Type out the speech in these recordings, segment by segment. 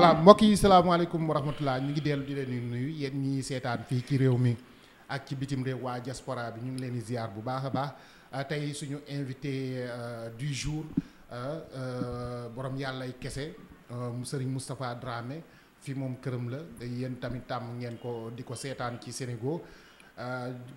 voilà mbokk yi salaamaaleykum wa rahmatullah ñu ngi dellu di leen nuyu yéen ñii seetaan fii ci réew mi ak ci bitim réew waa jasporaa bi ñu ngi leen di ziar bu baax a baax euh, tey suñu invité euh, du jour euh, borom yàllay kese Serigne Moustapha Dramé fi moom këram la yéen tamit tàmm ngeen ko di ko seetaan ci Sénégal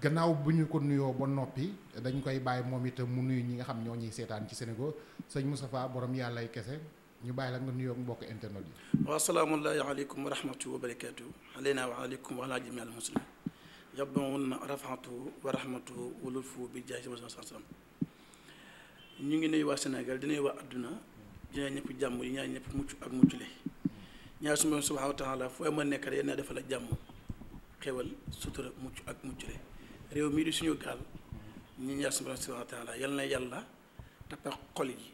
gannaaw bu ñu ko nuyoo ba noppi dañ koy bàyyi moom itam mu nuyu ñi nga xam ñoo ñuy seetaan ci Sénégal sëñ Moustapha borom yàllay kese. ñu bàyyi la nga nuyoo mbokk internet yi. waaw salaamualeykum wa rahmatulah wa barakaatu aleyna wa aleykum wa ala jami al muslim yabduna wa rahmatu wa lutfu bi jaay sama sallam ñu ngi nuyu waa Sénégal di nuyu waa adduna di ñaan ñëpp jàmm yi ñaan ñëpp mucc ak mucc le ñaan suma subhanahu wa taala foo ma nekk rek yéen defal la jàmm xewal sutura mucc ak mucc le réew mii di suñu gaal ñu ñaan suma subhanahu wa yal na yàlla tappa xol yi.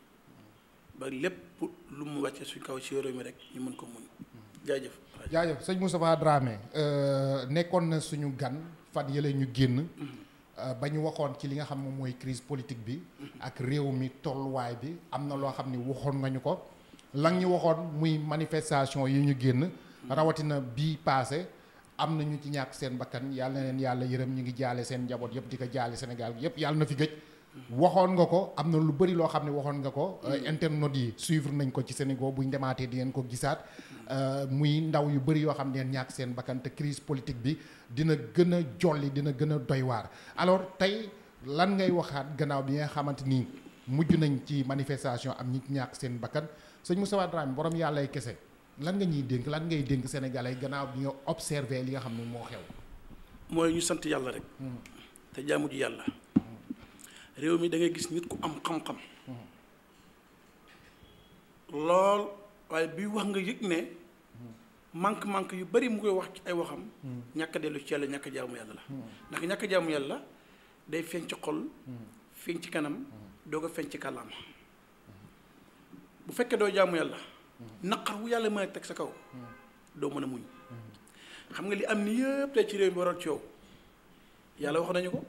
ba lépp lu mu wàcce suñ kaw ci réew mi rek ñu mën ko muñ jaajëf jaajëf sëñ Moustapha Dramé euh, nekkoon na suñu gan fan yële ñu génn mm-hmm. euh, ba ñu waxoon ci li nga xam moom mooy crise politique bi mm-hmm. ak réew mi tolluwaay bi am na loo xam ni waxoon nañu ko lan ñu waxoon muy manifestation yi ñu génn mm-hmm. rawatina bii passé am na ñu ci ñàkk seen bakkan yàlla na leen yàlla yërëm ñu ngi jaale seen njaboot yëpp di ko jaale Sénégal yëpp yàlla na fi gëj waxoon nga ko am na lu bëri loo xam ne waxoon nga ko euh, internautes yi suivre nañ ko ci Sénégal buñ demaatee di ngeen ko gisaat euh, muy ndaw yu bëri yoo xam ne ñàkk seen bakkan te crise bi dina gën a jolli dina gën a doy alors tey lan ngay waxaat gannaaw bi nga xamante ni mujj nañ ci manifestation am ñi ñàkk seen bakkan sëñ Moustapha Dramé borom yàllay kese lan nga ñuy dénk lan ngay dénk sénégalais gannaaw bi nga observé li nga xam ne moo xew mooy ñu sant yàlla rek hmm. te jaamu ji yàlla réew mi dangay gis nit ku am xam-xam lool waaye bi wax nga yëg ne manque-manque yu bari mu koy wax ci ay waxam ñàkk dellu ci yàlla ñàkk a jaamu yàlla la ndax ñàkk a jaamu yàlla day feeñ ci xol feeñ ci kanam doo ko feeñ ci kàllaama bu fekkee doo jaamu yàlla naqar wu yàlla mën a teg sa kaw doo mën a muñ xam nga li am ni yëpp tey ci réew mi waral coow yàlla wax nañu ko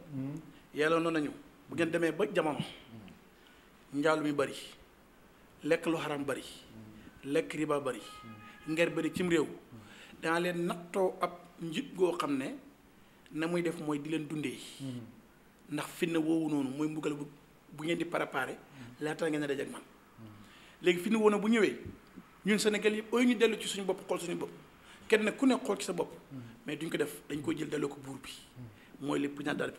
yàlla noonu nañu bu ngeen demee ba jamono njaalu mi bari lekk lu xaram bari lekk riba bari nger bari cim réew danga leen nattoo ab njit goo xam ne na muy def mooy di leen dundee ndax finna woowu noonu mooy mbugal bu bu ngeen di préparé laata ngeen a daj ak man léegi fi nu woon bu ñëwee ñun Sénégal yëpp ooy ñu dellu ci suñu bopp xool suñu bopp kenn ku ne xool ci sa bopp mais duñ ko def dañ ko jël delloo ko buur bi mooy le président de la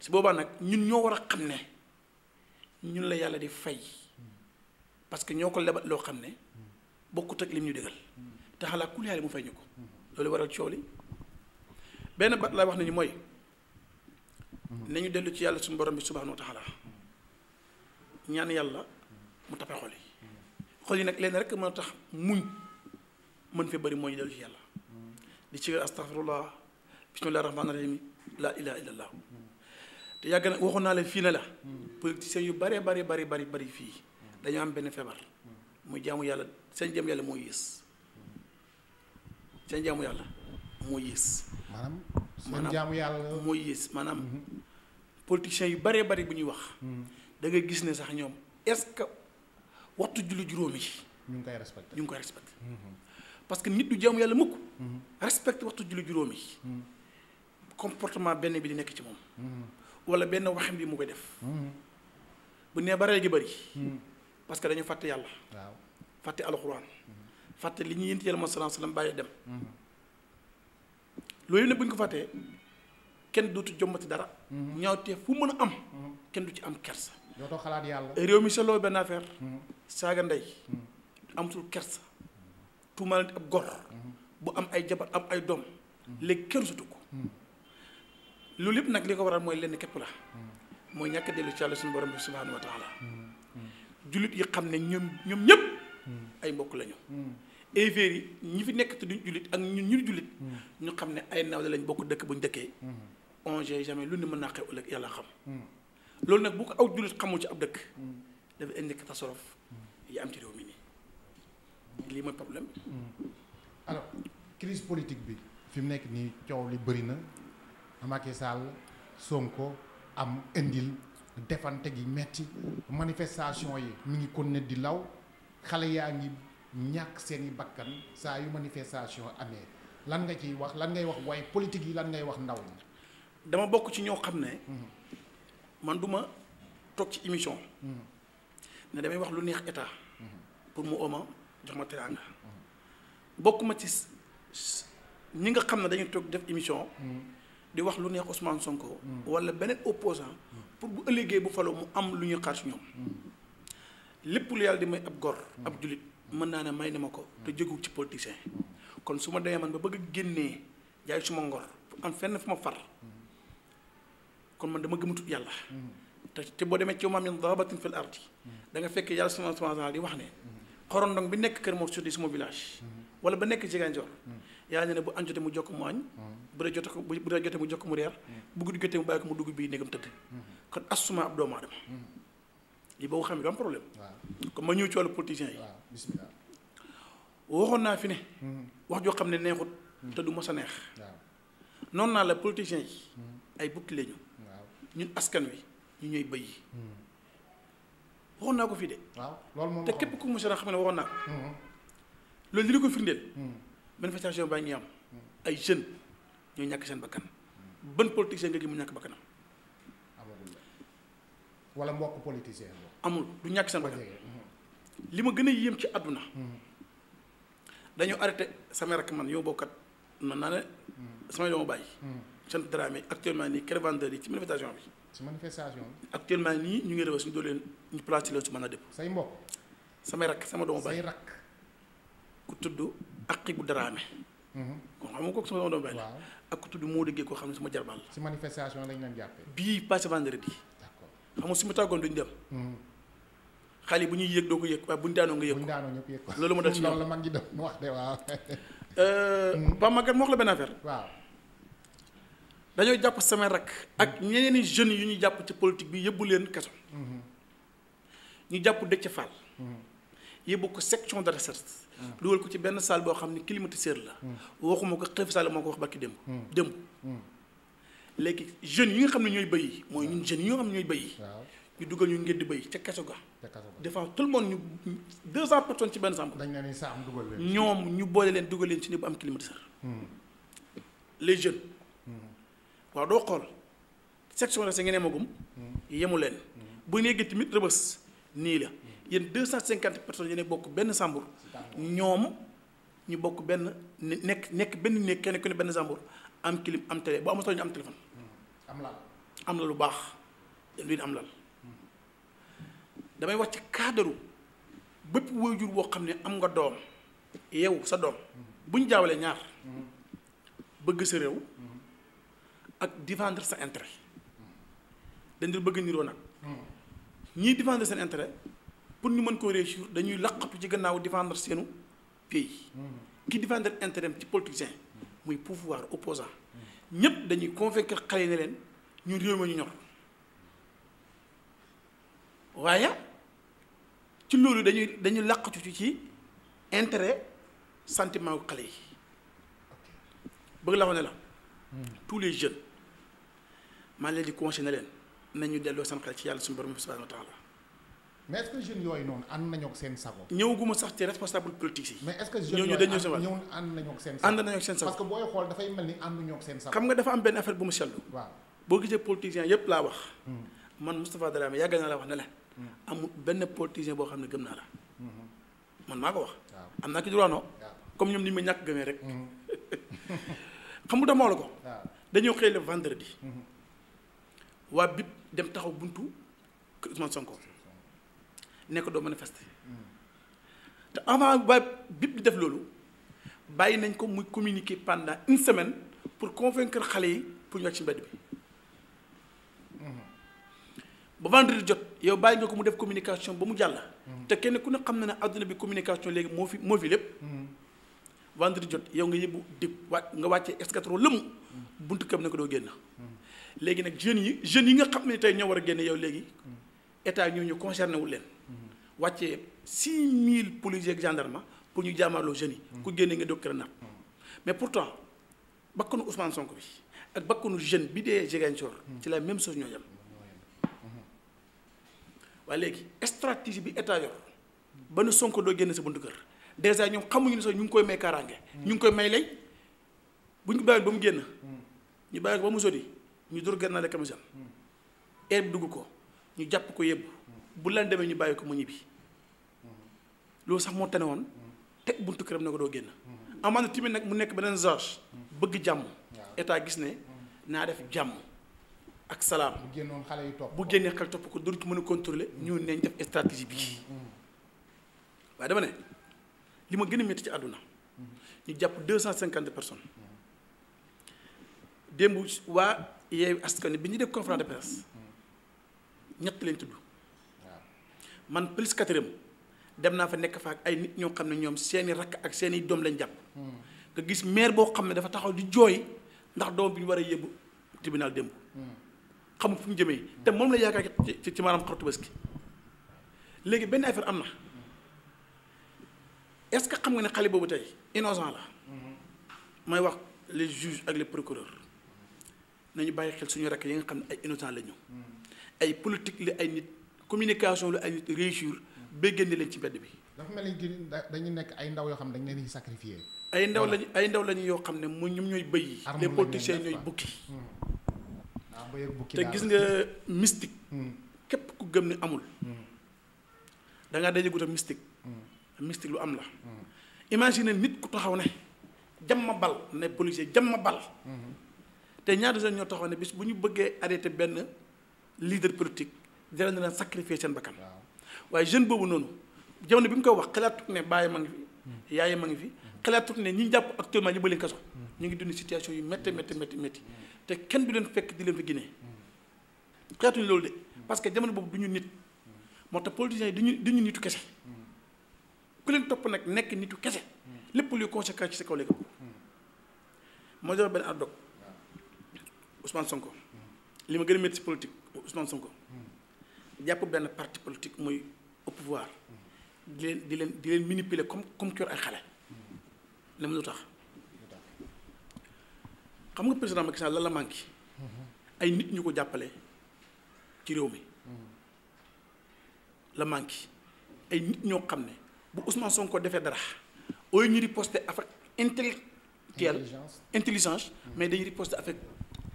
si boobaa nag ñun ñoo war a xam ne ñun la yàlla di fay parce que ñoo ko lebal loo xam ne bokkut ak lim ñu dëggal te xalaa ku yaale mu fay ñu ko loolu waral coow li benn bat laa wax ñu mooy nañu dellu ci yàlla suñu borom bi subhaanahu wa taala ñaan yàlla mu tappe xol yi xol yi nag leen rek mën a tax muñ mën fi bëri mooy ñu dellu ci yàlla di ci astaghfirullah bismillahi rahmaani rahim la ilaha illallah yàgg na waxoon naa la fii ne la politiciens yu bare bari bari bari fii dañu am benn feebar muy jaamu yàlla seen jaamu yàlla mooy yées seen jaamu yàlla moo yées maanaam seen yàlla moo yées maanaam mhm. politiciens yu bare bari bu ñuy wax mhm. da nga gis ne sax ñoom est-ce que waxtu julli juróom yi ñu ngi koy respecté ñu koy respecté mhm. parce que nit du jaamu yàlla mukk respecté waxtu julli juróom yi comportement benn bi di nekk ci moom wala benn waxam bi mu koy def. Mm-hmm. bu nee ba rey gi bëri. Mm-hmm. parce que dañu fàtte yàlla. waaw fàtte alxuraan. Mm-hmm. fàtte li ñu yénti yàlla ma salaam salaam bàyyi dem. loolu ne bu ñu ko fàttee kenn du dootu jombati dara. ñaawte fu mën a am. kenn du ci am kersa. dootoo xalaat yàlla. réew mi seetloo benn affaire. saaga ndey. amatul kers tuumaale ab gor. bu am ay jabar am ay doom. léegi kenn ko. loolu lépp nag li ko waral mooy lenn képp la mooy ñàkk dellu ci yàlla suñu borom bi subhaanahu wa taala jullit yi xam ne ñoom ñoom ñëpp ay mbokk lañu évers yi ñu fi nekk te duñ jullit ak ñun ñu jullit ñu xam ne ay nawle lañ bokk dëkk buñ dëkkee on sait jamais lu ne mën naa yàlla xam loolu nag bu ko aw jullit xamul ci ab dëkk dafa indi catastrophe yi am ci réew mi nii lii mooy problème alors crise politique bi fi mu nekk nii coow li bëri na Macky Sall Sonko am indil defante gi metti manifestation yi mu ngi kon ne di law xale yaa ngi ñàkk seeni bakkan saa yu manifestation amee lan nga ciy wax lan ngay wax waaye politique yi lan ngay wax ndaw ñi dama bokk ci ñoo xam ne mhm. man duma toog ci émission mhm. ne damay wax lu neex état mhm. pour mu ooma jox ma teraanga bokkuma ci ñi nga xam ne dañuy toog def émission di wax lu neex Ousmane Sonko. Mm. wala beneen opposant mm. pour bu ëllëgee bu faloo mu am lu ñu xaar si ñoom. Mm. lépp lu yàlla di may ab gor. ab julit mën naa ne may na ma ko. te jógewu ci politicien. kon su ma demee man ba bëgg a génnee jaay suma ngor am fenn fu ma far. kon man dama gëmatut yàlla. te te boo demee ci ma min daabatin fil ardi da nga fekk yàlla sama sama di wax ne. xorondong bi nekk Kër Mor Sodi suma village. wala ba nekk Ziguinchor. yàlla ne ne bu añ jotee mu jokk mu añ bu dee jotee mu jokk mu reer bu guddi jotee mu bàyyi ko mu dugg bii néegam tëdd kon assuma ab doomu aadama lii boo xam ne du am problème comme naa fi ne mm-hmm. wax joo xam ne neexut mm-hmm. te du mos neex noonu naa la politiciens yi mm-hmm. ay bukki lañu ñun askan wi ñu ñooy bëy yi waxoon naa ko fii de waaw loolu moom te képp ku mos a xam ne waxoon naa ko loolu li ko firndeel manifestation baa ngi am ay jeunes ñoo ñàkk seen bakkan ban politicien nga gi mu ñàkk bakkanam. wala mbokk politicien amul du ñàkk seen bakkan mhm. li ma gën a yéem ci àdduna. Mhm. dañoo arrêté sama rakk man yow bokkat man naa ne mhm. samay doomu bàyyi. seen drame actuellement nii caravane yi ci manifestation bi. ci manifestation bi. actuellement nii ñu ngi rëbës suñu doon leen ñu place ci la su mën a dëpp. say mbokk. samay rakk sama doomu bàyyi say rakk ku tudd. ak xigu daraame. Mhm. kon xam nga kooku ak ku tudd moo déggee ko xam ne sama jarbaal la. si manifestation lañ leen jàppee. bii passé vendredi. d'accord xam nga su ma tàggoon duñ dem. Mhm. xale bu ñuy yëg doo ko yëg waaye bu ñu daanoo nga yëg ko. bu ñu daanoo ñëpp yëg ko loolu ma dal ci loolu la mag yi doon wax de waaw. Ba euh, mhm. Maguette ma wax la benn affaire. waaw. dañoo jàpp sama rak ak ñeneen i jeunes yu ñuy jàpp ci politique bi yëbbu leen kaso. ñu jàpp Déthié Fall. yëbbu ko section de recherche. dugal ko ci benn salle boo xam ne climatiseur la. Hmm. waxuma ko xef salle moo ko wax barki démb. Hmm. démb hmm. léegi jeunes yi nga xam ne ñooy béy mooy ñun jeunes yi nga xam ne ñooy béy. ñu dugal ñu ngeen di béy ca kaso ga. ca tout le monde ñu 200 personnes ci benn sàmm. dañ ne nii sàmm dugal leen. ñoom ñu boole leen dugal leen ci ne bu am climatiseur. les jeunes. waaw doo xool section rase ngeen amagum. yemu leen. bu nekkee tamit rëbës nii la yéen 250 personnes yi ne bokk benn sàmbur ñoom ñu bokk benn nekk nekk benn néeg kenn ku ne benn sàmbur am clim am télé bu amul am téléphone. Hmm. am lal la lu baax yéen am lal hmm. damay wax ci cadre bépp waajur woo xam ne am nga doom yow sa doom hmm. buñ ñu jaawalee ñaar bëgg sa réew ak défendre sa intere dañ dul bëgg niroo nag ñiy défendre seen intérêt. pour ñu mën koo réussir dañuy làqatu ci gannaaw défendre seenu pays mm-hmm. ki défendre intérêt ci politicien mm-hmm. muy pouvoir opposant ñépp dañuy convaincre xale yi ne leen ñu réew ma ñu ñor waaye ci loolu dañuy dañuy laqatu ci intérêt sentiment gu xale yi bëgg la ko ne la mm-hmm. tous les jeunes maa leen di conseillé na leen nañu delloo seen xel ci yàlla suñu borom subhanahu wa taala mais est-ce que jeunes yooyu noonu ànd nañoo ak seen sago. ñëwaguma sax ci responsable politique yi. mais est-ce que jeunes yooyu ñëw ànd nañu ak seen sago. ànd nañu ak seen sago parce que booy xool dafay mel ni ànduñu ak seen sago. xam nga dafa am benn affaire bu mu seetlu. waaw boo gisee politiciens yépp laa wax. Hmm. man Moustapha Dramé yàgg naa la wax ne la. Hmm. amul benn politicien boo xam ne gëm naa la. Hmm. man maa ko wax. am naa ki droit comme ñoom ni ma ñàkk gëmee rek. xam nga damaa la ko. dañoo xëy le vendredi. waa bip dem taxaw buntu Ousmane Sonko. nekk doo manifester te avant ba bip di def loolu bàyyi nañ ko muy communiquer pendant une semaine pour convaincre xale yi pour ñu ci mbedd bi ba vendredi jot yow bàyyi nga ko mu def communication ba mu jàll. te kenn ku ne xam na ne àdduna bi communication léegi moo fi moo fi lépp. vendredi jot yow nga yëbbu dib wàcc nga wàccee escadron lëmm buntu kam ne ko doo génn. léegi nag jeunes yi jeunes yi nga xam ne tey ñoo war a génn yow léegi état ñooñu concerné wu leen wàcce six mille policiers ak gendarme pour ñu jaamaarloo jeunes yi. ku génne nga doog na mais pourtant bakkanu Ousmane Sonko bi ak bakkanu jeune bi dee Ziguinchor. ci la même sos ñoo yem. waaye léegi stratégie bi état yor ba nu Sonko doo génne sa buntu kër dèjà ñoom xamuñu ne sax ñu ngi koy may kaaraange. ñu ngi koy may lay bu ñu bàyyiwoon ba mu génn. ñu bàyyi ko ba mu sori ñu dur gànnaale camisane. air bi dugg ko. ñu jàpp ko yëpp bu lan demee ñu bàyyi ko mu ñibbi loolu sax moo tane woon teg buntu këram ne ko doo génn amaana tamit nag mu nekk beneen charge bëgg jàmm état gis ne naa def jàmm ak salaam bu génnoon xale yu topp bu génnee xale topp ko duñ ko mën a contrôler mm. ñu neñ def stratégie bi mm, mm, waaye dama ne li ma gën a métti ci àdduna ñu jàpp deux cent cinquante personnes démb waa yeewu askan bi ñu def conférence de presse ñett lañ tudd man plus quatrième dem naa fa nekk fa ak ay nit ñoo xam ne ñoom seeni rakk ak seeni doom lañ jàpp nga gis maire boo xam ne dafa taxaw di jooy ndax doom bi ñu war a yóbbu tribunal démb xamul fu ñu jëmee te moom la yaakaar ci ci maanaam xaru gi léegi benn affaire am na est-ce que xam nga ne xale boobu tey innocent la mooy wax les juges ak le procureurs nañu bàyyi xel suñu rakk yi nga xam ne ay innocent la ñu ay politique la ay nit communication la ay nit réussir ba génne leen ci mbedd bi. dafa mel ni dañu nekk ay ndaw yoo xam ne dañu leen di sacrifier. ay ndaw lañu ay ndaw lañu yoo xam ne mu ñoom ñooy bëy yi. les politiciens ñooy hmm. ah, bukki. te gis nga mystique. Hmm. képp ku gëm ni amul. Hmm. da ngaa daje gudd mystique. mystique lu am la. imagine nit ku taxaw ne jam ma bal ne policier jam ma bal. te ñaata seen ñoo taxaw ne bis bu ñu bëggee arrêté benn. leader politique jaral na leen sacrifier seen bakkan waaye jeune boobu noonu jamono bi mu koy wax xalaatut ne bàyyi ma ngi fi hmm. yaay ma ngi fi hmm. xalaatut ne ñi jàpp actuellement ñu ba leen kaso hmm. ñu ngi dund situation yi métti métti métti métti te kenn du leen fekk di leen fi génnee xalaatuñu parce que jamono boobu du ñu nit moo tax politiciens yi du ñu ñu nitu kese ku leen topp nag nekk nitu kese lépp luy conséquence ci sa kaw léegi moo jox benn ad hoc Sonko li ma gën a métti si Ousmane Sonko jàpp benn parti politique muy au pouvoir di leen di leen di comme comme kër ay xale. ne ma lu tax xam nga président Macky Sall lan la manqué ay nit ñu ko jàppale ci réew mi la manqué ay nit ñoo xam ne bu Ousmane Sonko defee dara au lieu ñu riposter avec intellectuel intelligence mais dañuy riposter avec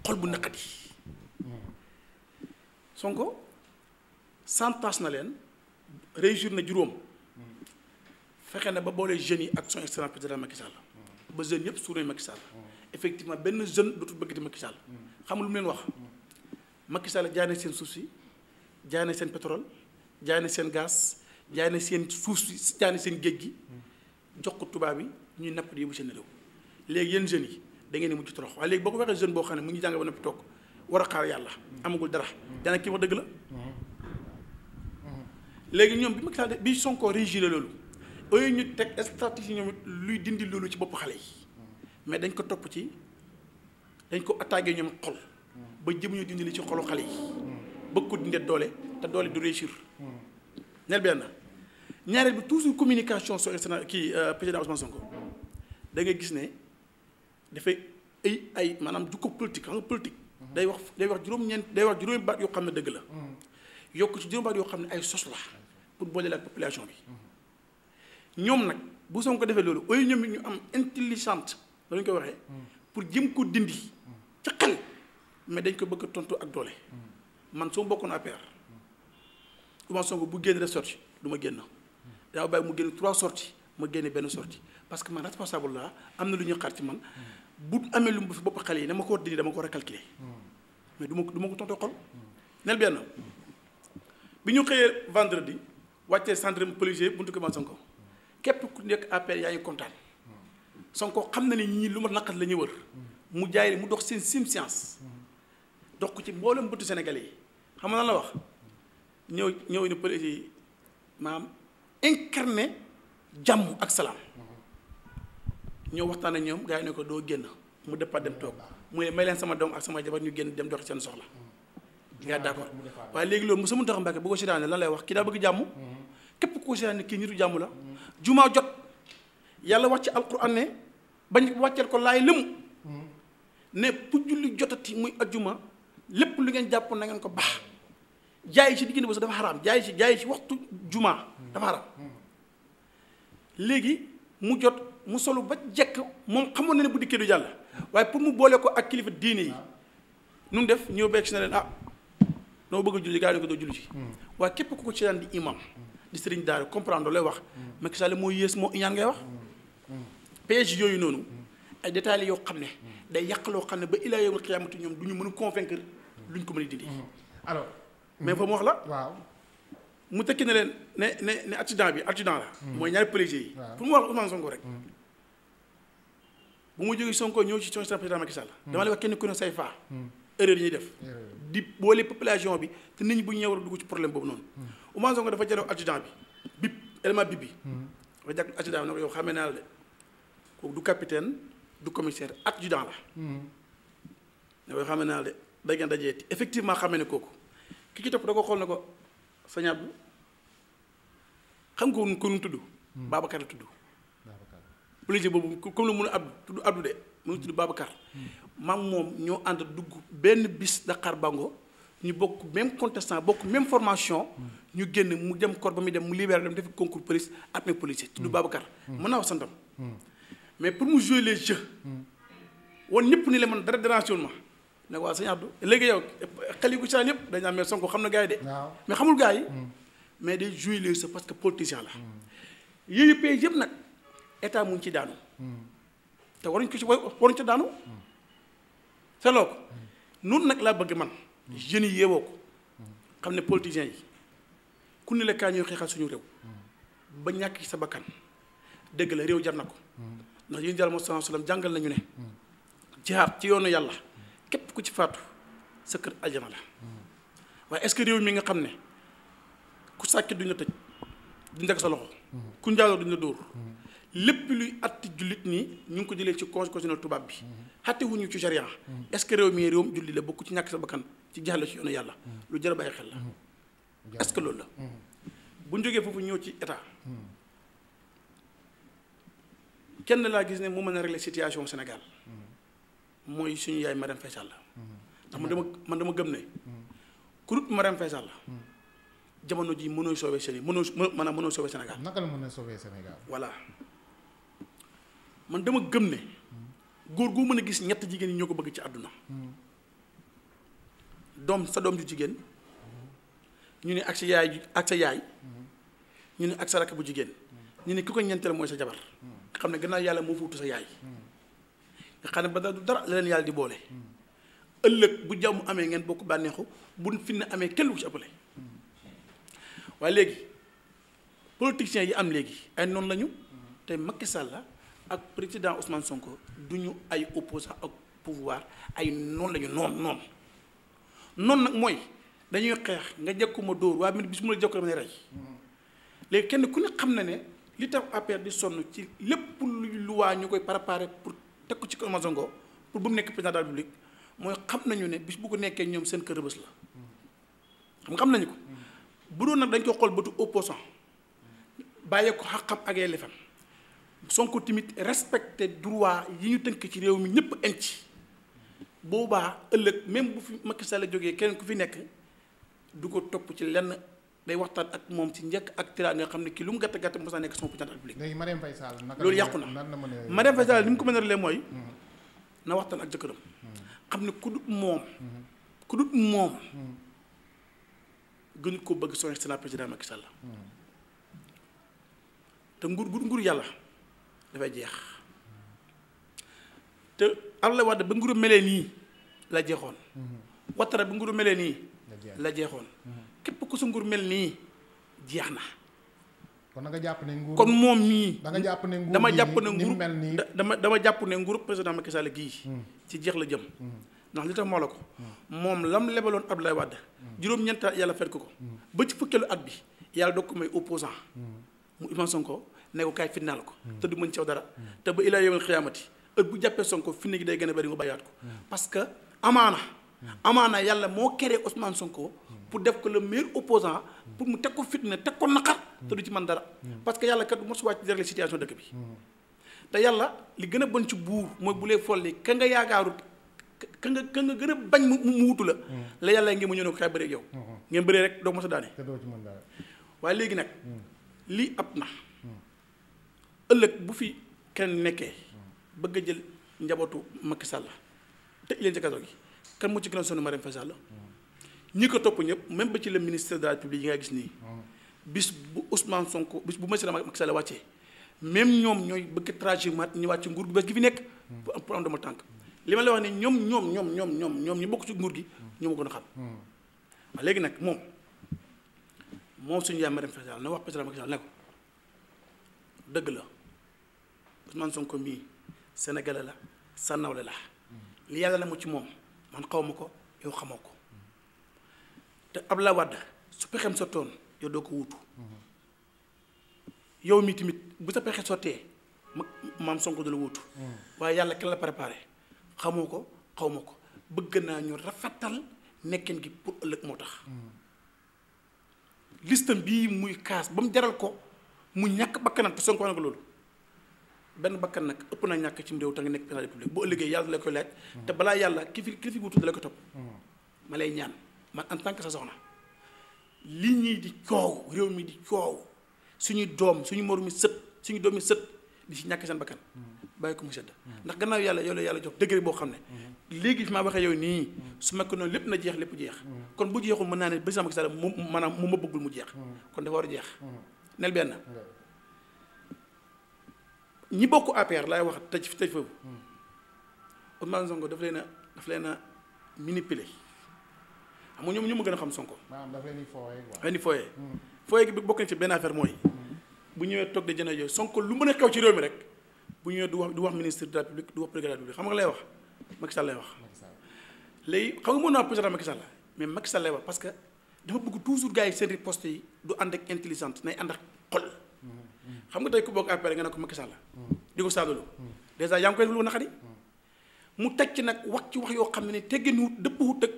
xol bu naqat yi Sonko santas na leen réussir na juróom fexe na ba boole jeunes yi ak son excellence président Macky Sall ba jeunes yëpp suur nañu Macky Sall effectivement benn jeune dootul bëggati Macky Sall xam lu mu leen wax Macky Sall jaay na seen suuf si jaay na seen seen gaz jaay na seen suuf si jaay seen géej gi jox ko tubaab yi ñuy napp di yóbbu seen réew léegi yéen jeunes yi da mujj torox waaye léegi boo ko waxee jeune boo xam ne mu ngi jàng ba noppi toog war a xaar yàlla amagul dara dana kii wax dëgg la léegi ñoom bi Macky Sall bi Sonko régiré loolu au ñu teg stratégie ñoom luy dindi loolu ci bopp xale yi mais dañ ko topp ci dañ ko attaqué ñoom xol ba jëm ñu dindi li ci xolu xale yi bëgg ko dindee doole te doole du réussir. nel benn ñaareel bi toujours communication son excellence kii euh, président Ousmane Sonko da ngay gis ne dafay ay ay maanaam jukko politique xam nga politique. day wax day wax juróom-ñeent day wax juróomi baat yoo xam ne dëgg la mm-hmm. yokk ci juróomi baat yoo xam ne ay sos la pour boole la population bi mm-hmm. ñoom nag bu ko defee loolu ooy ñoom it ñu am intelligente la ñu koy waxee mm-hmm. pour jëm ko dindi ca xel mais dañ ko bëgg a tontu ak doole man soo bokkoon APR Ousmane Sonko bu génn rek sorti du ma génn daaw bàyyi mu génn trois sorties ma génne benn sortie parce que man responsable laa am na lu ñu xaar ci man bu amee lu mu bopp xale yi dama ko war dama ko war a calculer mais du ko du ma ko tontoo xol nel benn bi ñu xëyee vendredi wàccee centre policier buntu ko man Sonko képp ku nekk APR yaa ngi kontaan Sonko xam na ne ñii lu ma naqat la ñuy wër mu jaay mu dox seen sim science dox ko ci mboolem bëtu Sénégalais yi xam nga la wax ñëw ñëw ne policier yi maam incarné jàmm ak salaam ñoo waxtaan ak ñoom gars ne ko doo génn mu départ dem toog mu ne may leen sama doom ak sama jabar ñu génn dem dox seen soxla nga d'accord waaye léegi loolu Moussa Mountakha Mbacké bu ko seetaanee lan lay wax kii daa bëgg jàmm képp ku ko seetaanee kii nitu jàmm la jumaa jot yàlla wax ci alquran ne bañ wàcceel ko laay lëmu ne pour julli jotati muy ajjuma lépp lu ngeen jàpp na ngeen ko baax jaay ci diggante boobu dafa xaraam jaay ci jaay ci waxtu jumaa dafa xaraam léegi mu solu ba jekk moom xamoon na ne bu dikkee du jàll waaye pour mu boole ko ak kilifa diine yi nun def ñëw bekk si na leen ah dama bëgg a julli gaa yi ko doo julli ji hmm. waaye képp ku ko ci daan di imam di sëriñ daara comprendre lay wax hmm. Macky Sall moo yées moo iñaan ngay wax hmm. piège yooyu noonu ay détails yoo xam ne day yàq loo xam ne ba ilaa yawmal qiyaamati ñoom du ñu mën a lu luñ ko mën a dindi alors mais fa mu wax la waaw mu tekki ne leen ne ne ne adjudant bi adjudant la. Hmm. mooy ñaari policiers yi. pour mu wax Ousmane Sonko rek. Hmm. bu mu jógee Sonko ñëw ci conseil président ma Sall. Hmm. dama lay wax kenn ku ne say faa. erreur yi ñuy def. di boole population bi te nit ñi bu ñu ñëw war a dugg ci problème boobu noonu. Ousmane Sonko dafa jaroo adjudant bi bip élément bip bi. dafa jàpp adjudant bi ne ko xamee naa la de kooku du capitaine du commissaire adjudant la. ne ko yow xamee naa la de day ngeen dajeeti effectivement xamee ne kooku ki ci da ko xool ne ko. sëñ Abdou xam ko woon ko nu tudd. Hmm. Babacar la tudd. policier boobu comme la mun a Abdou tudd Abdou de mu ngi tudd Babacar. Hmm. maam moom ñoo ànd dugg benn bis Dakar Bango ñu bokk même contestant bokk même formation. Hmm. ñu génn mu dem corps ba muy dem mu libéré dem defi concours police armée policier tudd Babacar. mën naa wax santam mais pour mu jouer les jeux. woon ñëpp ni la man dara déranger ma. ne ko waa sëñ Abdou léegi yow xel yi ko saan yëpp dañ naan mais Sonko xam na gars yi de mais xamul gars yi hmm. mais day joué les sa parce que politicien la hmm. yooyu pays yëpp nag état mu ngi ci daanu hmm. te waruñ ko ci waruñ ci daanu seetloo ko noonu nag laa bëgg man jeunes yi ko xam ne politiciens yi ku ne la kaa xeexal suñu réew ba ñàkk ci sa bakkan dégg la réew jar na ko ndax yéen jàll moo salaam jàngal nañu ne jihaad ci yoonu yàlla képp ku ci faatu sa kër aljana la waaye est-ce que réew mi nga xam ne ku sàcc duñu la tëj duñ dagg sa loxo ku njaaloo duñu la dóor lépp luy atti jullit nii ñu ngi ko jëlee ci constitutionnel tubaab bi xatte wuñu ci charia est-ce que réew mi réewum jullit la bokk ci ñàkk sa bakkan ci jaxle ci yoonu yàlla lu jar a bàyyi xel la est-ce que loolu la bu ñu jógee foofu ñëw ci état kenn laa gis ne mu mën a régler situation Sénégal mooy suñu yaay Marème Faye Sall la mm-hmm. ndax man dama man gëm ne groupe mm-hmm. Marème Faye la mm-hmm. jamono ji mënooy sauver Sénégal mënoo maanaam mënoo sauver Sénégal naka la mën a sauver Sénégal man dama gëm ne góor gu mën a gis ñett jigéen yi ñoo ko bëgg ci àdduna doom sa doom ju jigéen ñu ne ak sa yaay ak sa yaay ñu ne ak sa rakk bu jigéen ñu ne ki ko ñeenteel mooy sa jabar xam ne gannaaw yàlla moo fuutu sa yaay nga xam ne badar du dara la leen yàlla di boole ëllëg bu jàmm amee ngeen bokk bànneexu bu fitna amee kenn lu ci ëppale waaye léegi politiciens yi am léegi ay noon lañu te Macky Sall ak président Ousmane Sonko du ñu ay opposant ak pouvoir ay noon lañu noon noon noonu nag mooy dañuy xeex nga jëkkuma dóor waaye man bis mu la jëkk dama ne rey léegi kenn ku ne xam na ne li tax APR di sonn ci lépp lu luwaa ñu koy préparé pour teg ko ci kër Masongo pour bu mu nekk président de la mooy xam nañu ne bis bu ko nekkee ñoom seen kër Rebeuss la xam nga xam nañu ko bu doon nag dañ ko xool bëtu opposant bàyyee ko xaqam ak yelleefam Sonko tamit respecté droit yi ñu tënk ci réew mi ñëpp enc boobaa ëllëg même bu fi Macky la jógee kenn ku fi nekk du ko topp ci lenn day waxtaan ak moom ci njëkk ak tiraat nga xam ne kii lu mu gàtt gàtt mos naa nekk son président de la République. léegi Marième loolu yàqu na Marième Faye Sall li mu ko mën a mooy. Mm-hmm. na waxtaan ak jëkkëram. Mm-hmm. xam ne ku dut moom. Mm-hmm. ku moom. gën ko bëgg son excellence président Macky Sall. te nguur nguur nguur yàlla dafay jeex te Abdoulaye Wade ba nguuru melee nii la jeexoon. Ouattara ba nguuru melee nii. la jeexoon. képp ku sa nguur mel nii jeex na. kon nga jàpp ne nguur moom mii. da nga jàpp ne nguur dama jàpp ne nguur dama dama jàpp ne nguur président Macky Sall gii. Hmm. ci jeex la jëm. Hmm. ndax li tax moo la ko. Hmm. moom lam lebaloon Abdoulaye Wade. juróom-ñeent at yàlla fekk ko. ba ci fukkeelu at bi yàlla doog ko may opposant mu Ousmane Sonko ne ko fitnaal ko. te du mañ ci dara. te ba ilaa yawmal xiyaamati heure bu jàppee Sonko fitna gi day gën a bari nga bàyyaat ko. parce que amaana. amaana yàlla moo keree Ousmane Sonko. pour def ko le meilleur opposant pour mu teg ko fitna teg ko naqar te du ci man dara parce que yàlla kat du mosuwaat ci régler situation dëkk bi te yàlla li gën a bon ci buur mooy bu lay folli ka nga yaakaaru kan nga ka nga gën a bañ mu wutu la la yàlla ngi mu ñëw ne ko kaay bëree yow ngeen bëree rek doo mos a daane waaye léegi nag hmm. lii ab na ëllëg bu fi kenn nekkee bëgg a jël njabootu Macky Sall tëj leen ci kaso gi kan mu ci gën a sonn Marième ñi ko topp ñëpp même ba ci le ministère de la République yi nga gis nii. Ah. bis bu Ousmane Sonko bis bu Macky Sall wàccee même ñoom ñooy bëgg trajet mat ñu wàcc nguur gu bees gi fi nekk. pour am dama tànk hmm. li ma la wax ne ñoom ñoom ñoom ñoom ñoom ñoom ñu bokk ci nguur gi hmm. ñoo ma gën a xam. Hmm. waaw léegi nag moom moom suñu yaay Marième Faye Sall na wax président Macky Sall ne ko dëgg la Ousmane Sonko mii sénégalais la sànnawle la li yàlla la mu ci moom man xaw ma ko yow xamoo ko. te Abdoulaye Wade su pexem sottoon yow doo ko wuutu yow mi tamit bu sa pexe sottee maam Sonko du la wuutu waaye yàlla kenn la préparé xamoo ko xaw ma ko bëgg naa ñu rafetal nekkin gi pour ëllëg moo tax listam bii muy kaas ba mu jaral ko mu ñàkk bakkanam te Sonko na ko loolu benn bakkan nag ëpp na ñàkk ci réew te nga nekk président de République bu ëllëgee yàlla la koy laaj mm. te balaa yàlla ki fi ki fi wuutu da la ko topp mm. ma lay ñaan man en tant que sa soxna li ñuy di coow réew mi di coow suñuy doom suñu mor mi sët suñu doom mi sët di si ñàkk seen bakkan bàyyi ko mu sedd ndax gannaaw yàlla yow la yàlla jox degré boo xam ne léegi fi maa waxee yow nii su ma ko noonu lépp na jeex lépp jeex kon bu jeexul mën naa ne président sama Sall mu maanaam mu ma bëggul mu jeex kon dafa war a jeex nel benn ñi bokk APR laay wax tëj tëj foofu Ousmane Sonko daf leen a daf leen a manipuler xam nga ñoom ma gën a xam Sonko. maanaam daf leen di fooyee fooyee. Hmm. fooyee gi bokk na ci benn affaire mooy. Hmm. bu ñëwee toog de jënd yooyu Sonko lu mën a xew ci réew mi rek bu ñëwee du wax du wax ministre de la République du wax président de xam nga lay wax Macky Sall lay wax. léegi xam nga mën naa président Macky Sall mais Macky Sall lay wax parce que dafa bëgg toujours gars yi seen riposte yi du ànd ak intelligente nay ànd ak hmm. xam nga tey ku bokk APR nga ne ko Macky Sall. di ko saagalu. dèjà yaa ngi koy def lu naqari mu teg ci nag wax ci wax yoo xam ne tegginu dëpp wut ak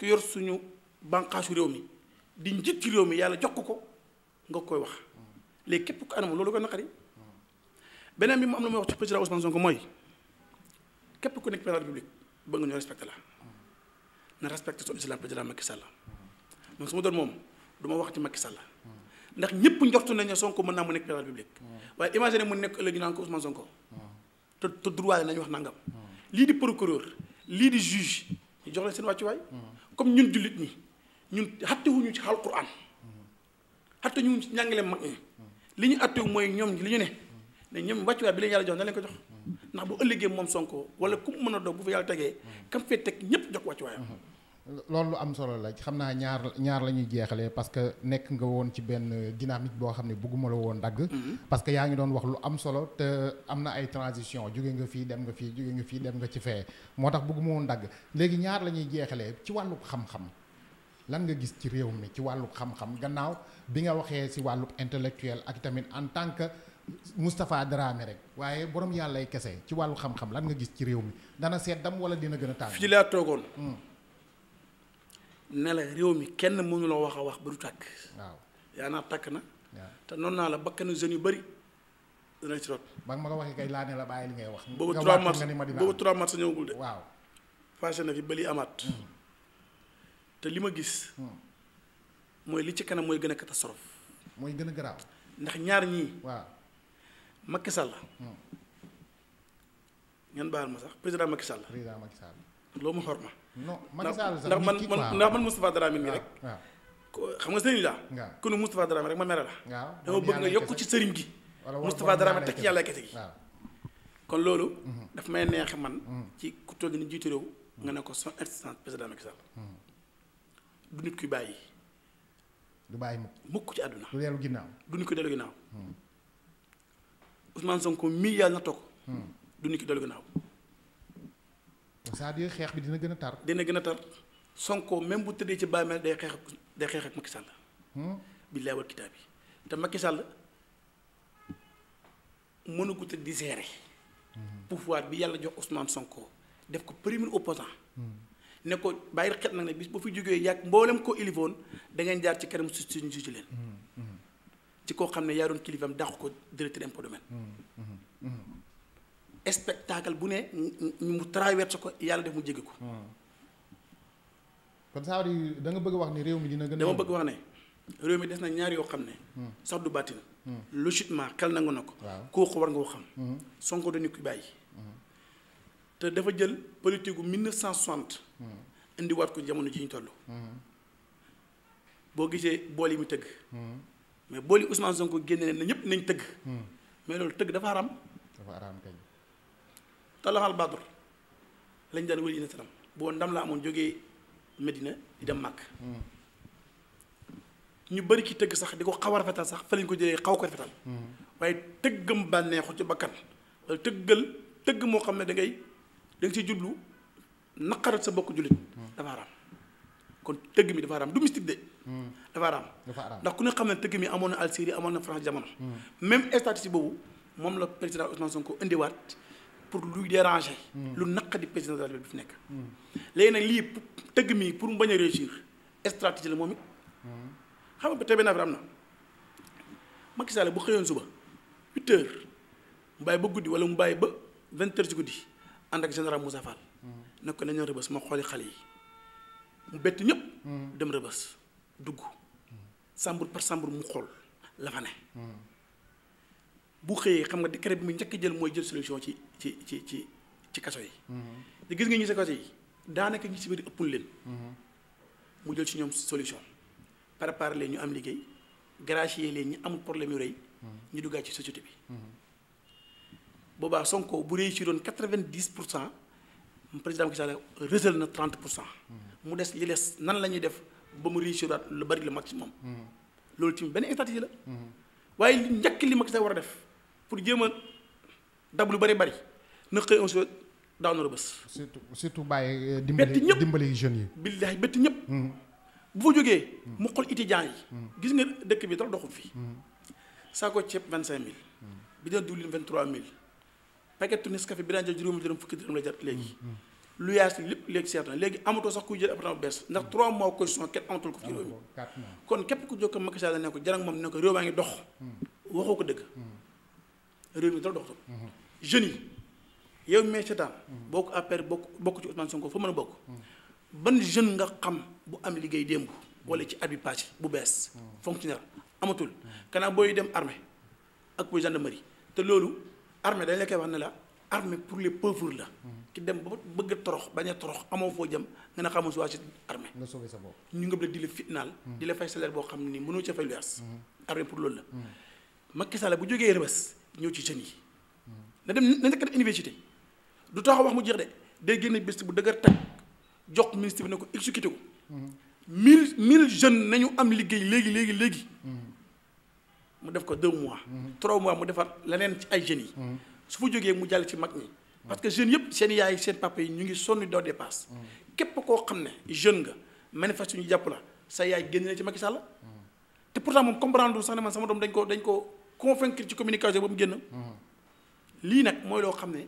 ku yor suñu bànqaasu réew mi di njit ci réew mi yàlla jox ko ko nga koy wax léegi képp ku anam loolu ko naqari beneen bi mu am lu may wax ci président Ousmane Sonko mooy képp ku nekk président république bëgg nga ñu la na respecté son islam président Macky Sall man su ma doon moom du ma wax ci Macky Sall ndax ñëpp njortu nañu ne mën naa mu nekk président république nekk ëllëg ñu naan ko Ousmane Sonko te te droit nañu wax nangam lii di procureur lii di juge ñu jox leen seen wàccuwaay comme ñun jullit ñi ñun xattewuñu ci alquran xattewuñu ci njàngale mag ñi li ñu attewu mooy ñoom li ñu ne ne ñoom wàccuwaay bi leen yàlla jox na leen ko jox ndax bu ëllëgee moom sonko wala ku mu mën a doon bu fa yàlla tegee kam fee teg ñépp jox wàccuwaayam loolu am solo la xam naa ñaar ñaar la ñuy jeexalee parce que nekk nga woon ci benn dynamique boo xam ne bëgguma la woon dagg. Mm-hmm. parce que yaa ngi doon wax lu am solo te am na ay transition jóge nga fii dem nga fii jóge nga fii dem nga ci fee moo tax bëgguma woon dagg léegi ñaar lañuy jeexalee ci wàllu xam-xam lan nga gis ci réew mi ci wàllu xam gannaaw bi nga waxee si wàllu intellectuel ak tamit en tant que Moustapha rek waaye borom yàlla ay kese ci wàllu xam lan nga gis ci réew mi dana seet dam wala dina gën a tàng. fii laa toogoon. Mm. ne réew mi kenn mënu la wax a wax ba du tàkk. waaw yaa naa tàkk na. te noon naa la ba bakkanu jeunes yu bari dana ci ba nga ma ko waxee kay laa ne la bàyyi li ngay wax. boobu 3 mars boobu 3 mars ñëwagul de. waaw passé na fi bëli amaat. Mm. te li ma gis. Mm. mooy li ci kanam mooy gën a catastrophe. mooy gën a garaaw. ndax ñaar ñii. waaw Macky Sall. Mm. ngeen baal ma sax président Macky Sall. président Macky Sall. loo ma non Macky Sall sax ndax man ndax man Moustapha Dramé mi ah, rek. Ah. xam nga sëriñ laa. waaw ku ne rek ma mere la. dama bëgg nga yokk ci sëriñ gi. wala wala Moustapha Dramé teg ci yàlla kese gi. Ah. kon loolu. Mm-hmm. daf may neex man. Mm-hmm. ci ku toll ni jiitu réew. nga ne ko son excellence président Macky Sall. Mm-hmm. du nit kuy bàyyi. du bàyyi mukk mukk ci àdduna. du dellu ginnaaw du nit ko dellu ginnaaw. Ousmane Sonko mii yàlla na toog. du nit ki dellu ginnaaw. saa à xeex bi dina gën a tar. dina gën a tar Sonko même bu tëddee ci bàmmeel day xeex day xeex ak Macky Sall. Hmm? billaay wal kitaab bi te Macky Sall mënu ko te di gérer. Hmm. pouvoir bi yàlla jox Ousmane Sonko def ko premier opposant hmm. ne ko bàyyi xel nag ne bis bu fi jógee yàgg mboolem ko ilifoon da ngeen jaar ci kanam su suñu si leen. ci koo xam ne yaa doon kilifam dàq ko directeur impôt domaine spectacle bu ne mu sa ko yàlla def mu jéggi ko. Hmm. kon saa da nga bëgg wax ni réew mi dina gën dama bëgg wax ne réew mi des na ñaar yoo xam ne. Hmm. sax du bàttin. Hmm. logiquement xel nangu na ko. kooku war nga ko xam. Sonko dañu ko bàyyi. te dafa jël politique gu 1960. indiwaat ko jamono ji ñu toll. boo gisee bool yi mu tëgg. mais bool yi Ousmane Sonko génne na ñëpp nañ tëgg. mais loolu tëgg dafa aram. talaxal badr lañ daan wëri ina salam boo ndam la amoon jógee Medina di dem màkk ñu bari ki tëgg sax di ko xaw a rafetal sax fa lañ ko jëlee xaw ko rafetal waaye tëggam bànneexu ci bakkan wala tëggal tëgg moo xam ne da ngay da ciy jublu naqarat sa bokk jullit dafa araam kon tëgg mi dafa araam du mystique de dafa araam ndax ku ne xam ne tëgg mi amoon na Algérie amoon na France jamono hmm. même statistique boobu moom la président Ousmane ko indiwaat pour luy déranger. Hmm. lu naqadi président de la bi fi nekk. Hmm. léegi nag lii tëgg mii pour mu bañ a réussir stratégie la moom it. Hmm. xam nga tey benn affaire am na Macky bu xëyoon suba huit mu bàyyi ba guddi wala mu bàyyi ba vingt heures ci guddi ànd ak général Moussa Fall. ne ko nañu rëbës ma xooli xale yi mu bett ñëpp. dem rëbës dugg. sambur par sambur mu xool la bu xëyee xam nga décret bi mu njëkk jël mooy jël solution ci ci ci ci ci kaso yi. Mm-hmm. te gis nga ñi si kaso yi daanaka ñi si bëri ëppul leen. Mm-hmm. mu jël ci ñoom solution préparer leen ñu am liggéey gracier leen ñu amul problème yu rëy. Mm-hmm. ñu duggaat ci société bi. boobaa Sonko bu réussir doon quatre vingt dix pour cent président Macky Sall réseau na trente pour cent. mu des li des nan la ñuy def ba mu réussir waat lu bari le maximum. loolu ci benn stratégie la. waaye njëkk li Macky Sall war a def. pour jéem a dab lu bari bari na xëy un jour daaw na rëbës. surtout surtout bàyyi euh, dimbali dimbali jeunes yi. billahi bëtt ñëpp. Mm. bu fa jógee mu xool étudiants yi. Mm. gis nga dëkk bi dara doxul fii. Mm. saako ceeb vingt cinq mille. bi dina diwlin vingt trois mille. paquet Nescafé bi daan jël juróomi dërëm fukki dërëm la jar léegi. lu yaas li lépp léegi seet na léegi amatoo sax kuy jël appartement bu bees ndax trois mois koy son kenn amatul ko ci réew kon képp ku jóg ko Macky ne ko jarang moom ne ko réew maa ngi dox. waxoo ko dëgg. réew mi dara doxatul. jeunes yi yow mi seetaan. bokk APR bokk bokk ci Ousmane Sonko foo mën a bokk. ban jeune nga xam bu am liggéey démb wala ci abi passé bu bees. fonctionnaire amatul. kanaa booy dem armée ak booy gendarmerie te loolu armée dañ la koy wax ne la armée pour les pauvres la. ki dem ba bëgg a torox bañ torox amoo foo jëm nga ne xamul su waa si armée. sa bopp ñu nga bëgg di la fitnaal. di la fay salaire boo xam ne nii mënoo ca fay lu mm-hmm. armée pour loolu la. Mm-hmm. Macky Sall bu jógee Rebeuss. ñëw ci jeunes yi na dem na nekk université du taxaw wax mu jeex de day génne bés bu dëgër teg jox ministre bi ne ko exécuté ko mille mille jeunes nañu am liggéey léegi léegi léegi mu def ko deux mois trois mois mu defar leneen ci ay jeunes yi su fa jógee mu jàll ci mag ñi parce que jeunes yëpp seen yaay seen papa yi ñu ngi sonn doo dépasse képp koo xam ne jeune nga manifeste ñu jàpp la sa yaay génn na ci Macky Sall te pourtant moom comprendre lu sax ne man sama doom dañ ko dañ ko convaincre ci communication ba mu génn. lii nag mooy loo xam ne.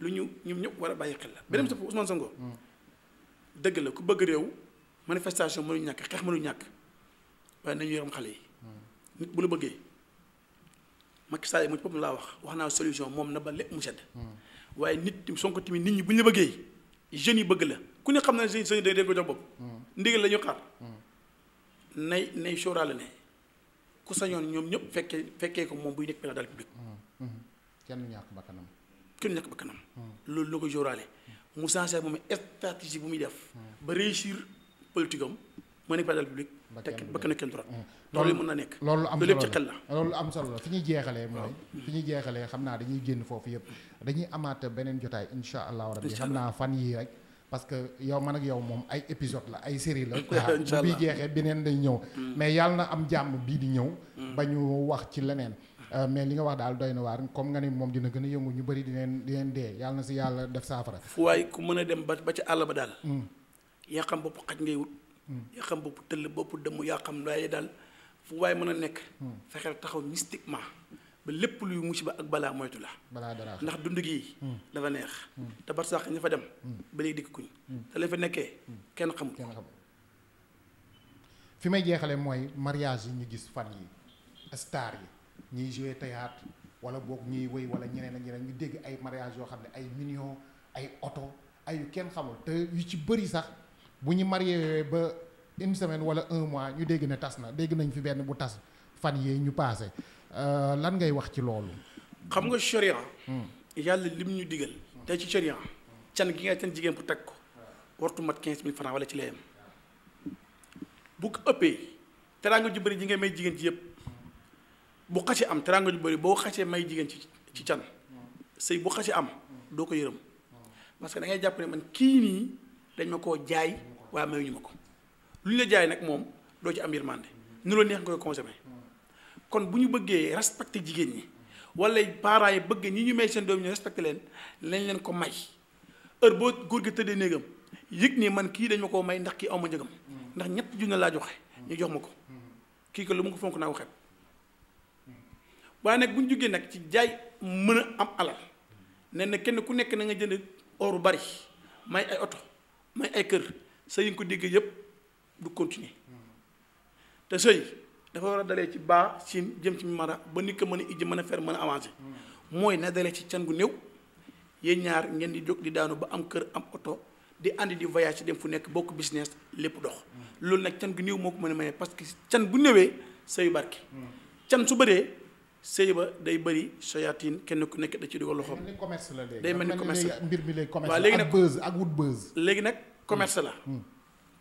lu ñu ñun ñëpp war a bàyyi xel la. beneen bi Ousmane Sonko. dëgg la ku bëgg réew manifestation mënuñu ñàkk xeex mënuñu ñàkk waaye nañu yaram xale yi. nit bu la bëggee Macky Sall mu ci boppam laa wax wax naa solution moom na ba lépp mu sedd. waaye nit Sonko tamit nit ñi bu ñu la bëggee jeunes yi bëgg la ku ne xam na ne jeunes yi dañu ko jox bopp. Hmm. ndigal la ñu xaar. nay nay sóoraale ne. ku sañoon ñoom ñëpp fekkee fekkee ko moom buy nekk président de la République. Mm-hmm. Mm-hmm. kenn ñàkk ba kanam. kenn mm-hmm. loolu la ko jóoraale. mu sensé moom stratégie bu muy def. ba réussir politique am ma nekk président de la République. ba kenn du ba kenn kenn loolu mën na nekk. loolu lu solo ci xel am solo la fi ñuy jeexalee mooy. fi ñuy jeexalee xam naa dañuy génn foofu yëpp dañuy amaat beneen jotaay incha allahu rabi xam naa fan yii rek. parce que yow man ak yow moom ay épisode la ay série la quoi bii jeexee neen day ñëw mm. mais yàlla na am jàmm bii di ñëw mm. ba ñu wax ci leneen euh, mais li nga wax daal doy na waar comme nga ni moom dina gën a yëngu ñu bëri di dineen dee yàlla na si yàlla def saafara fu waaye ku mën a dem ba ba ca àll ba daal mm. yaa xam bopp xaj ngay wut yaa xam bopp tëll bopp dëmm yaa xam laaye daal fu waaye mën a nekk fexeel taxaw ma ba lépp luy musiba ak balaa moytu la. balaa dara ndax dund gi. Hmm. dafa neex. Hmm. te barsax ña fa dem. Hmm. ba léegi dikkuñ. te lañ fa nekkee kenn xamul. kenn fi may jeexale mooy mariage yi ñu gis fan yi star yi ñiy jouer théâtre wala boog ñuy wëy wala ñeneen ak ñeneen ñu dégg ay mariage yoo xam ne ay millions ay oto ay kenn xamul te yu ci bëri sax bu ñu marié ba une semaine wala un mois ñu dégg ne tas na dégg nañ fi benn bu tas fan yee ñu paase. Euh, lan ngay wax ci loolu. xam nga sharia. Hmm. yàlla lim ñu digal. tey ci sharia. can gi nga ten jigéen bu teg ko. wartu mat quinze mille francs wala ci layam bu ko ëppee teraanga ju bëri ji nga may jigéen ci yëpp bu xasee am teraanga ju bëri boo xasee may jigéen ci ci can sëy bu xasee am doo ko yërëm parce que da ngay jàpp ne man kii nii dañ ma koo jaay waaye mayuñu ma ko lu ñu la jaay nag moom doo ci am yërmande ni loo neex nga koy consommer kon bu ñu bëggee respecté jigéen ñi wala parents yi bëgg ñi ñu may seen doom ñu respecté leen lañ leen ko may heure boo góor gi tëddee néegam yëg nii man kii dañ ma ko may ndax kii aw ma njëgam ndax ñett na laa joxe ñu jox ma ko kii ko lu mu ko fonk naa ko xeeb waaye nag bu ñu jógee nag ci jaay mën a am alal nee na kenn ku nekk na nga jënd or bari may ay oto may ay kër sëy ko déggee yëpp du continuer te sëy dafa war a dalee ci baa siin jëm ci mara ba ni ko mën a ijji mën a fer mën a avancé mooy na dalee ci can gu néew yéen ñaar ngeen di jóg di daanu ba am kër am oto di àndi di voyage dem fu nekk bokk business lépp dox loolu nag can gu néew moo ko mën a maye parce que can bu néewee sëyu barke can su bëree sëy ba day bëri soyaatin kenn ku nekk da ci dugal loxoom day mel ni commerce la mbir mi lay commerce waaw léegi nag ak wut buzz léegi nag commerce hmm. la hmm.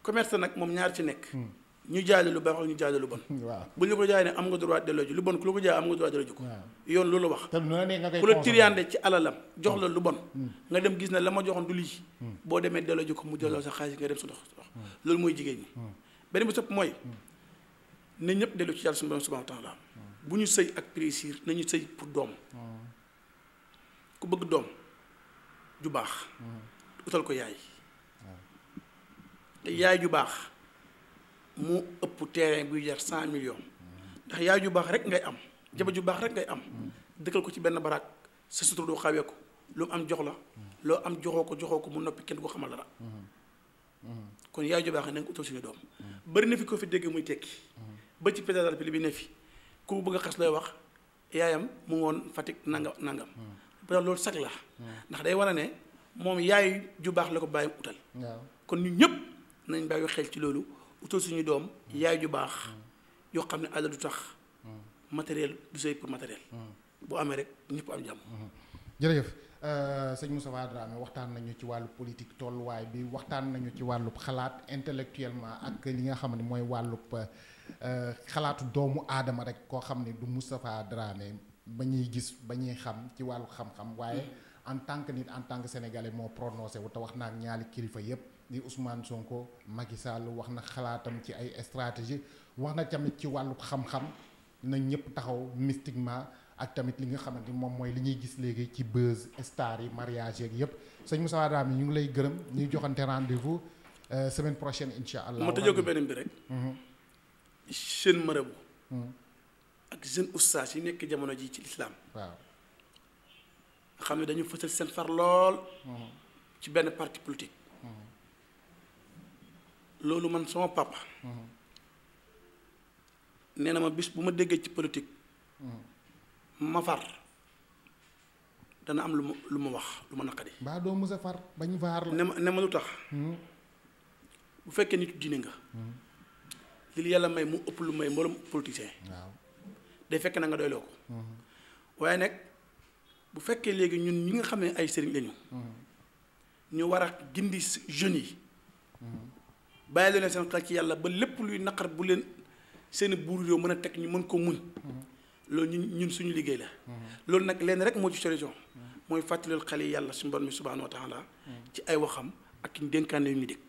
commerce nag moom ñaar ci nekk hmm. ñu jaay la lu baax ñu jaay la bon. waaw bu ñu ko jaayee ne am nga droit delloo ji lu bon ku la ko jaay am nga droit delloo ji ko. yoon loolu wax. te nga ku la tiriyaande ci alalam jox la mm. lu bon. Mm. nga dem gis ne la ma joxoon du lii. Mm. boo demee delloo ji ko mu delloo sa xaalis nga dem su dox loolu mooy jigéen ñi. beneen bi sëpp mooy ne ñëpp delloo ci yàlla suñu borom subhanahu wa taala bu ñu sëy ak plaisir ñu sëy pour doom. ku bëgg doom ju baax. utal ko yaay. yaay ju mu ëpp terrain buy jar cent million ndax yaay ju baax rek ngay am jabar ju baax rek ngay am dëkkal ko ci benn baraak sa sutur doo xawee ko lu mu am jox la loo am joxoo ko joxoo ko mu noppi kenn du ko la dara kon yaay ju baax nañ ko utal suñu doom bari na fi ko fi dégg muy tekki ba ci président de la République bi ne fi ku bëgg a xas looy wax yaayam mu woon Fatick nangam nangam parce que loolu ndax day war a ne moom yaay ju baax la ko bàyyi utal kon ñu ñëpp nañ bàyyi xel ci loolu utal suñu doom yaay ju baax yoo xam ne àll du tax matériel du sëy pour matériel boo amee rek ñëpp am jàmm jërëjëf euh, sëñ Moustapha Dramé waxtaan nañu ci wàllu politique tolluwaay bi waxtaan nañu ci wàllu xalaat intellectuellement ak li nga xam ne mooy wàllub euh, xalaatu doomu aadama rek koo xam ne du Moustapha Dramé ba ñuy gis ba ñuy xam ci wàllu xam-xam waaye mm. en tant que nit en tant que sénégalais moo prononcé wu wax naa ak ñaari kilifa yépp di Ousmane Sonko Macky Sall wax na xalaatam ci ay stratégie wax na tamit ci wàllu xam-xam na ñëpp taxaw mystiquement ak tamit li nga xamante moom mooy li ñuy gis léegi ci buzz star yi mariage yeeg yëpp sëñ Moussa yi ñu ngi lay gërëm ñuy joxante rendez-vous euh, semaine prochaine incha allah. ma tëjoo ko beneen bi rek. Mhm. jeune marabu. Mhm. ak nekk jamono ji ci lislaam waaw xam ne dañu fësal seen far lool. Mhm. ci benn parti politique. loolu man sama papa. nee na ma bis bu ma déggee ci politique. ma far dana am lu ma lu ma wax lu ma naqadi. mbaa doo mës a far bañ vaar la. ne ma ne ma lu tax. Hmm. bu fekkee nit diine nga. Hmm. li yàlla may mu ëpp lu may mboolem politicien. waaw day fekk na nga doyloo ko. Hmm. waaye nag bu fekkee léegi ñun ñi nga xam ne ay sëriñ lañu. ñu war a gindi jeunes yi. bàyyi leen seen xel ci yàlla ba lépp luy naqar bu leen seeni buur yoo mën a teg ñu mën koo muñ loolu ñun ñun suñu liggéey la loolu nag leen rek moo ci solution mooy fàttalil xale yi yàlla suñu borom mi subhaanahu wa taala ci ay waxam ak ñu dénkaane yu ñu dégg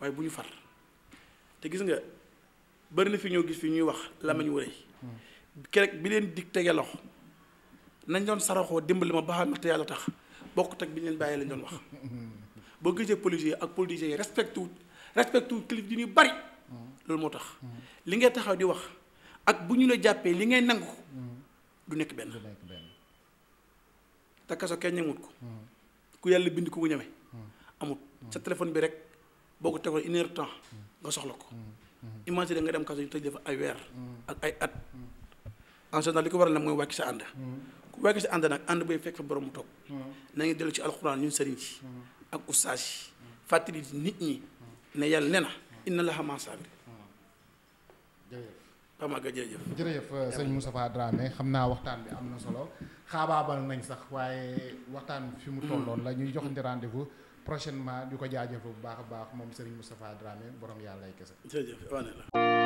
waaye bu ñu far te gis nga bari na fi ñoo gis fi ñuy wax lamañ wërëy kerek bi leen dig tege loxo nañ doon saraxoo dimbali ma baaxal ma te yàlla tax bokk ak bi leen bàyyi lañ doon wax boo ak policier yi respecté respecté wu kilif diine yu bari loolu moo tax li ngay taxaw di wax ak bu ñu la jàppee li ngay nangu du nekk benn te kaso kenn ñemut ko mm. ku yàlla bind ko ku ñeme mm. amut sa téléphone bi rek boo ko tegoon une heure temps mm. nga soxla ko imagine nga dem kaso ñu tëj ay weer ak ay at en général li ko waral nag mooy wàcc sa ànd ku wàcc sa ànd nag ànd booy fekk fa borom mu toog na ngi dellu ci alxuraan ñun sëriñ ci ak ustaas yi fàttali nit ñi ne yàlla ne na inna la xamaa saabir pamaaga jërëjëf jërëjëf euh, sëñ Moustapha Dramé xam naa waxtaan bi am na solo xaabaabal nañ sax waaye waxtaan fi mu tolloon la ñuy joxante rendez-vous prochainement di ko jaajëfal bu baax a baax moom Serigne Moustapha Dramé borom yàlla ay kese